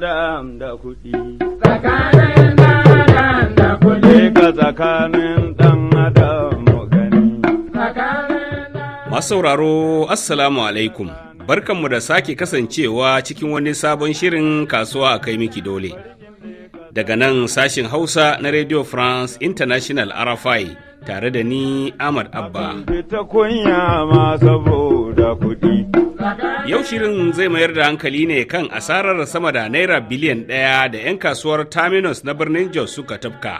Dam da kuɗi. da kuɗi. Ka tsakanin ɗan da gani. Masu sauraro, Assalamu alaikum. Barkanmu da sake kasancewa cikin wani sabon shirin kasuwa a kai miki dole. Daga nan sashin Hausa na Radio France International RFI tare da ni Ahmad Abba. Fita kunya ma saboda kuɗi. Yau shirin zai mayar da hankali ne kan asarar sama da naira biliyan ɗaya da 'yan kasuwar Terminus na birnin Jos suka tafka.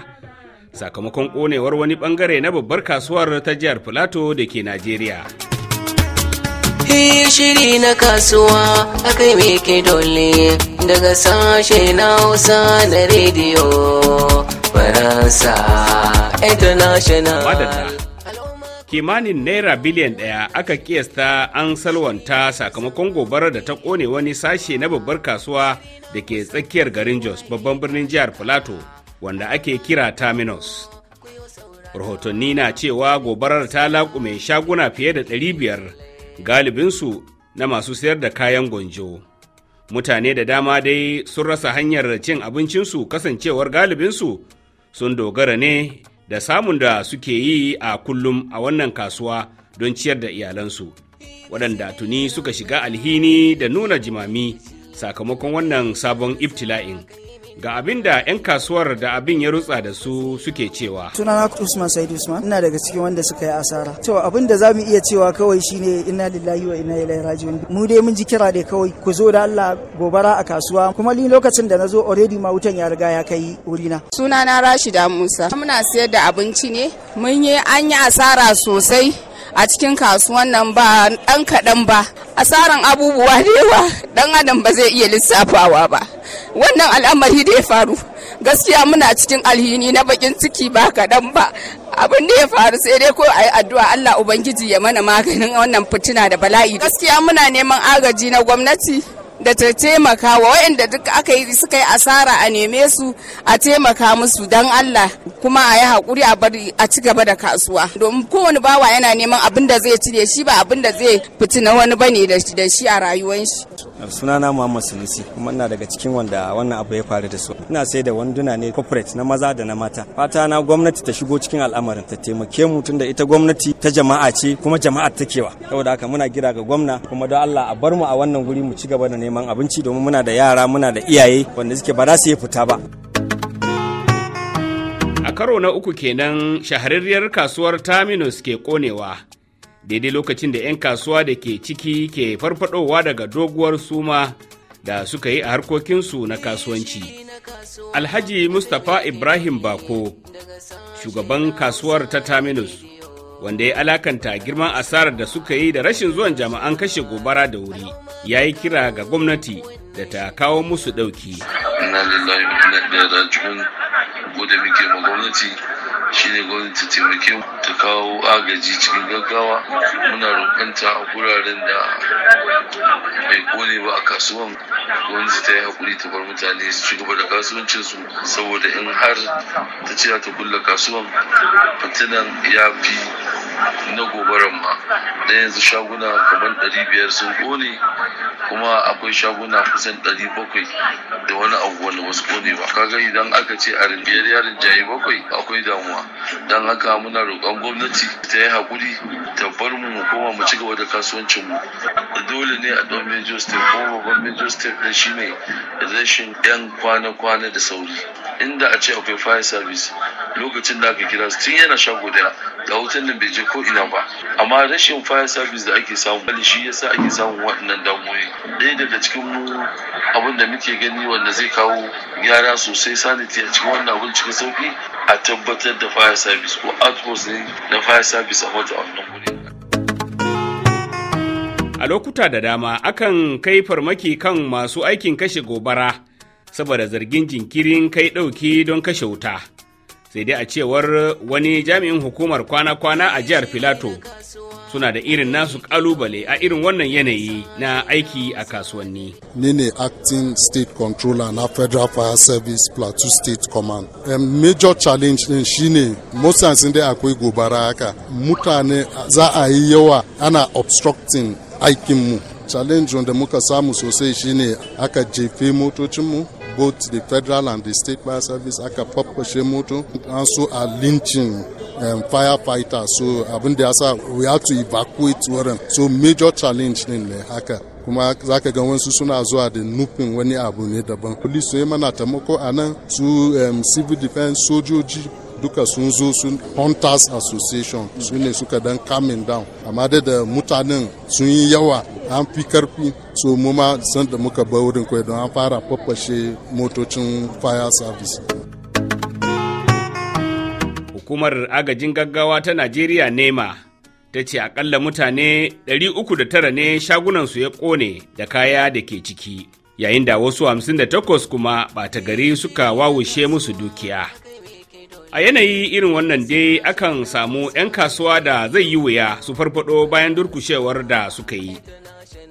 Sakamakon ƙonewar wani ɓangare na babbar kasuwar ta jihar Filato da ke Najeriya. shiri na kasuwa a me ke dole daga sashe na hausa na rediyo faransa international kimanin naira biliyan ɗaya aka kiyasta an salwanta sakamakon gobarar da ta kone wani sashe na babbar kasuwa da ke tsakiyar garin jos babban birnin jihar filato wanda ake kira terminus rahotanni na cewa gobarar ta laƙume shaguna fiye da ɗari biyar galibinsu na masu sayar da kayan gonjo mutane da dama dai sun rasa hanyar cin abincinsu kasancewar galibinsu sun dogara ne da samun da suke yi a kullum a wannan kasuwa don ciyar da iyalansu waɗanda tuni suka shiga alhini da nuna jimami sakamakon wannan sabon ibtila'in Ga abin da 'yan kasuwar da abin ya rutsa da su suke cewa. Sunana Usman Said Usman, ina daga cikin wanda suka yi asara. To abin da za mu iya cewa kawai shine inna lillahi wa inna ilaihi raji'un. Mu dai mun ji kira da kawai ku zo da Allah gobara a kasuwa. Kuma ni lokacin da na zo already ma wutan ya riga ya kai wurina. Sunana Rashida Musa. Muna sayar da abinci ne. Mun yi an yi asara sosai. a cikin kasuwan nan ba dan kaɗan ba asaran abubuwa da yawa dan adam ba zai iya lissafawa ba wannan al'amari da ya faru gaskiya muna cikin alhini na bakin ciki ba kaɗan ba abin da ya faru sai dai ko a yi addu'a Allah Ubangiji ya mana maganin wannan fitina da bala'i gaskiya muna neman agaji na gwamnati da ta taimaka wa waɗanda duk aka yi suka yi asara a neme su a taimaka musu don Allah kuma a yi haƙuri a bari a ci gaba da kasuwa domin kowane bawa yana neman abin da zai cire shi ba abin da zai fitina wani bane da shi a rayuwar shi sunana muhammad sunusi kuma ina daga cikin wanda wannan abu ya faru da su ina sai da wanduna ne corporate na maza da na mata fata na gwamnati ta shigo cikin al'amarin ta taimake mu tunda ita gwamnati ta jama'a ce kuma jama'a ta kewa saboda haka muna gira ga gwamna kuma don Allah a bar mu a wannan guri mu ci gaba da neman abinci domin muna da yara muna da iyaye wanda suke ba za su yi fita ba a karo na uku kenan shahararriyar kasuwar terminus ke konewa daidai lokacin da 'yan kasuwa da ke ciki ke farfadowa daga doguwar suma da suka yi a harkokinsu na kasuwanci. Alhaji Mustapha Ibrahim Bako, shugaban kasuwar ta Terminus, wanda ya alakanta girman asarar da suka yi da rashin zuwan jama'an kashe gobara da wuri, ya yi kira ga gwamnati da ta kawo musu ɗauki. shine gwamnati taimake mu ta kawo agaji cikin gaggawa muna roƙanta a guraren da bai kone ba a kasuwan gwamnati ta yi hakuri ta bar mutane su ci gaba da kasuwancin su saboda in har ta ce ta kulle kasuwan fitinan ya fi na gobarar ma da yanzu shaguna kamar ɗari biyar sun ƙone kuma akwai shaguna kusan ɗari bakwai da wani abu wanda wasu ƙone ba kaga idan aka ce a rinjiyar yarin jayi bakwai akwai damuwa don haka muna roƙon gwamnati ta yi haƙuri ta bar mu mu koma mu ci gaba da kasuwancin mu dole ne a ɗau major step ko babban major step ɗin shine rashin 'yan kwana-kwana da sauri inda a ce akwai fire service lokacin da aka kira tun yana shago daya da wutan da bai je ko ina ba amma rashin fire service da ake samu shi yasa ake samun waɗannan damuwoyi ɗaya daga cikin mu abin da muke gani wanda zai kawo gyara sosai sanity a cikin wannan abin cikin sauki a tabbatar da fire service ko outpost ne na fire service a wata wannan wuri a lokuta da dama akan kai farmaki kan masu aikin kashe gobara saboda zargin jinkirin kai ɗauki don kashe wuta. sai dai a cewar wani jami'in hukumar kwana-kwana a jihar filato suna da irin nasu kalubale a irin wannan yanayi na aiki a kasuwanni. Ni ne acting state controller na Federal Fire Service Plateau State Command. A major challenge din shine most times dai akwai gobara haka mutane za a yi yawa ana obstructing aikinmu. Challenge wanda muka samu sosai shine aka jefe motocinmu both the federal and the state fire service aka faffashe moto an so a lynching um, firefighters so abin da yasa we have to evacuate wurin so major challenge din ne haka kuma za ka ga wasu suna zuwa da nufin wani abu ne daban police sun yi mana taimako a nan su um, civil defense sojoji duka sun zo sun hunters association su ne suka dan coming down amma da mutanen sun yi yawa an fi karfi su mu ma san da muka ba wurin kai don an fara faffashe motocin fire service hukumar agajin gaggawa ta najeriya nema ta ce akalla mutane 309 ne shagunansu ya kone da kaya da ke ciki yayin da wasu 58 kuma ta gari suka wawushe musu dukiya a yanayi irin wannan dai akan samu 'yan kasuwa da zai yi wuya su farfado bayan durkushewar da suka yi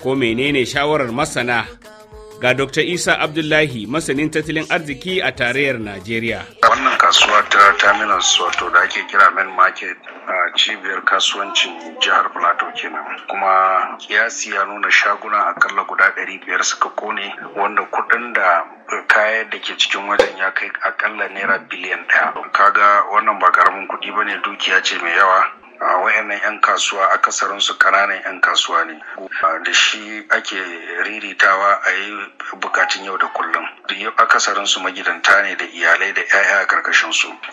ko menene shawarar masana ga Dr. Isa Abdullahi masanin tattalin arziki a tarayyar Najeriya. Wannan kasuwa ta terminus wato da ake kira main market a cibiyar kasuwancin jihar Plateau kenan. Kuma kiyasi ya nuna shaguna akalla guda ɗari biyar suka kone wanda kuɗin da kayan da ke cikin wajen ya kai akalla naira biliyan ɗaya. Kaga wannan ba karamin kuɗi ba ne dukiya ce mai yawa a wayannan 'yan kasuwa akasarinsu su kananan 'yan kasuwa ne da shi ake riritawa a yi bukatun yau da kullum Akasarinsu magidanta ne da iyalai da 'ya'ya a karkashin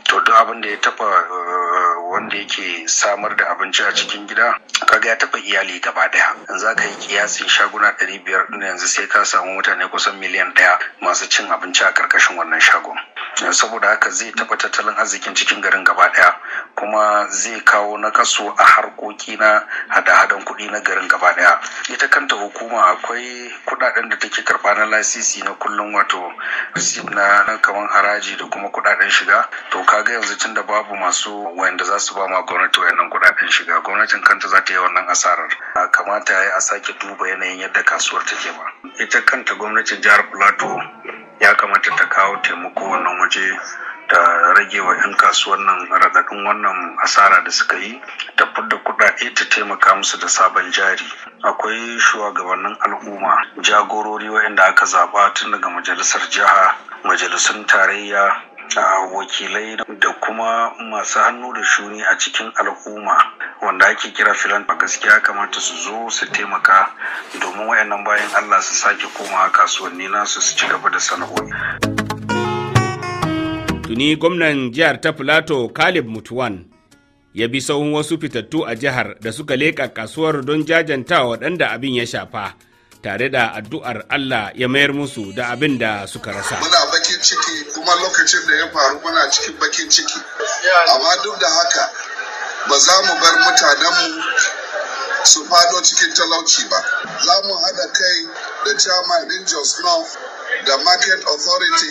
to duk abin da ya taba eh, wanda yake samar da abinci a cikin gida kaga ya taba iyali gaba daya in za ka yi kiyasin shaguna 500 yanzu sai ka samu mutane kusan miliyan daya masu cin abinci a karkashin wannan shagon saboda haka zai taɓa tattalin arzikin cikin garin gaba ɗaya kuma zai kawo nakasu a harkoki na hada-hadan kuɗi na garin gaba ɗaya ita kanta hukuma akwai kuɗaɗen da take karɓa na lasisi na kullum wato receipt na kamar haraji da kuma kuɗaɗen shiga to kaga yanzu tun da babu masu wanda za su ba ma gwamnati wayannan kuɗaɗen shiga gwamnatin kanta za ta yi wannan asarar kamata ya yi a sake duba yanayin yadda kasuwar take ba ita kanta gwamnatin jihar plateau ya kamata ta kawo taimako wannan waje ta rage wa 'yan kasuwan nan raɗaɗin wannan asara da suka yi ta fidda kuɗaɗe ta taimaka musu da sabon jari akwai shugabannin al'umma jagorori waɗanda aka zaɓa tun daga majalisar jiha majalisun tarayya a wakilai da kuma masu hannu da shuni a cikin al'umma wanda ake kira filan a gaskiya kamata su zo su taimaka domin wayannan bayan allah su sake koma kasuwanni nasu su ci gaba da sana'o'i tuni gwamnan jihar ta filato kalib mutuwan ya bi sauhun wasu fitattu a jihar da suka leƙa kasuwar don jajantawa waɗanda abin ya shafa tare da addu'ar Allah ya mayar musu da abin da suka rasa. Muna bakin ciki kuma lokacin da ya faru muna cikin bakin ciki. Amma duk da haka ba za mu bar mutanenmu su fado cikin talauci ba. Za mu haɗa kai da chairman din Jos da Market Authority,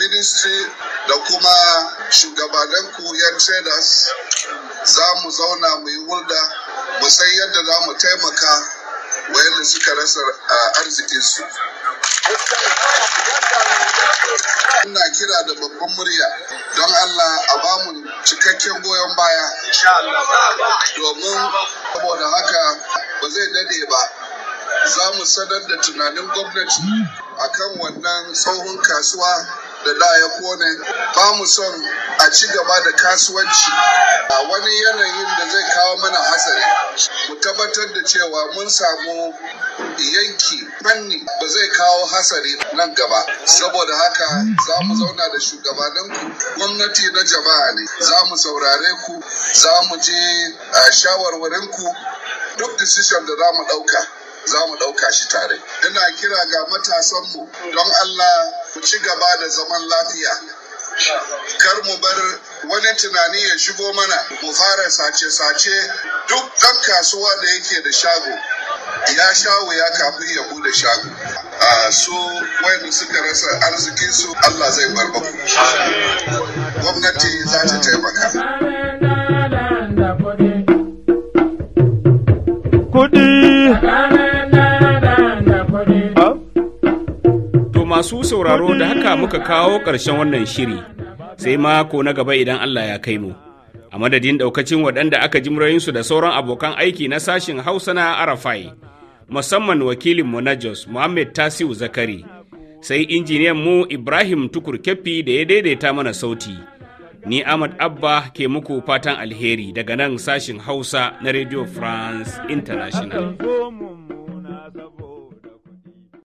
Ministry da kuma shugabannin koyar traders za mu zauna mu yi hulda mu san yadda za mu taimaka wayanda suka rasa a arzikinsu ina kira da babban murya don Allah a bamu cikakken goyon baya domin saboda haka ba zai dade ba za mu sanar da tunanin gwamnati akan wannan tsohon kasuwa da da ya kone ba mu son a ci gaba da kasuwanci a wani yanayin da zai kawo mana hatsari mu tabbatar da cewa mun samu yanki fanni ba zai kawo hatsari nan gaba saboda haka za mu zauna da shugabaninku gwamnati na jama'a ne za mu saurare ku za mu je a shawarwarinku duk decision da za mu ɗauka za mu ɗauka shi tare ina kira ga matasanmu don allah ku ci gaba da zaman lafiya kar mu bar wani tunani ya shigo mana mu fara sace-sace duk ɗan kasuwa da yake da shago ya shawo ya kafin ya bude shago a so wani suka rasa arzikinsu allah zai barbaku gwamnati za ta taimaka sauraro da haka muka kawo ƙarshen wannan shiri sai mako na gaba idan Allah ya kai mu. A madadin ɗaukacin waɗanda aka ji murayinsu da sauran abokan aiki na sashin Hausa na Arafai, musamman wakilin na Jos Muhammad Tasiu Zakari, sai injiniyan mu Ibrahim Tukur Keffi da ya daidaita mana sauti. Ni Ahmad Abba ke muku fatan alheri daga nan sashin Hausa na Radio France International.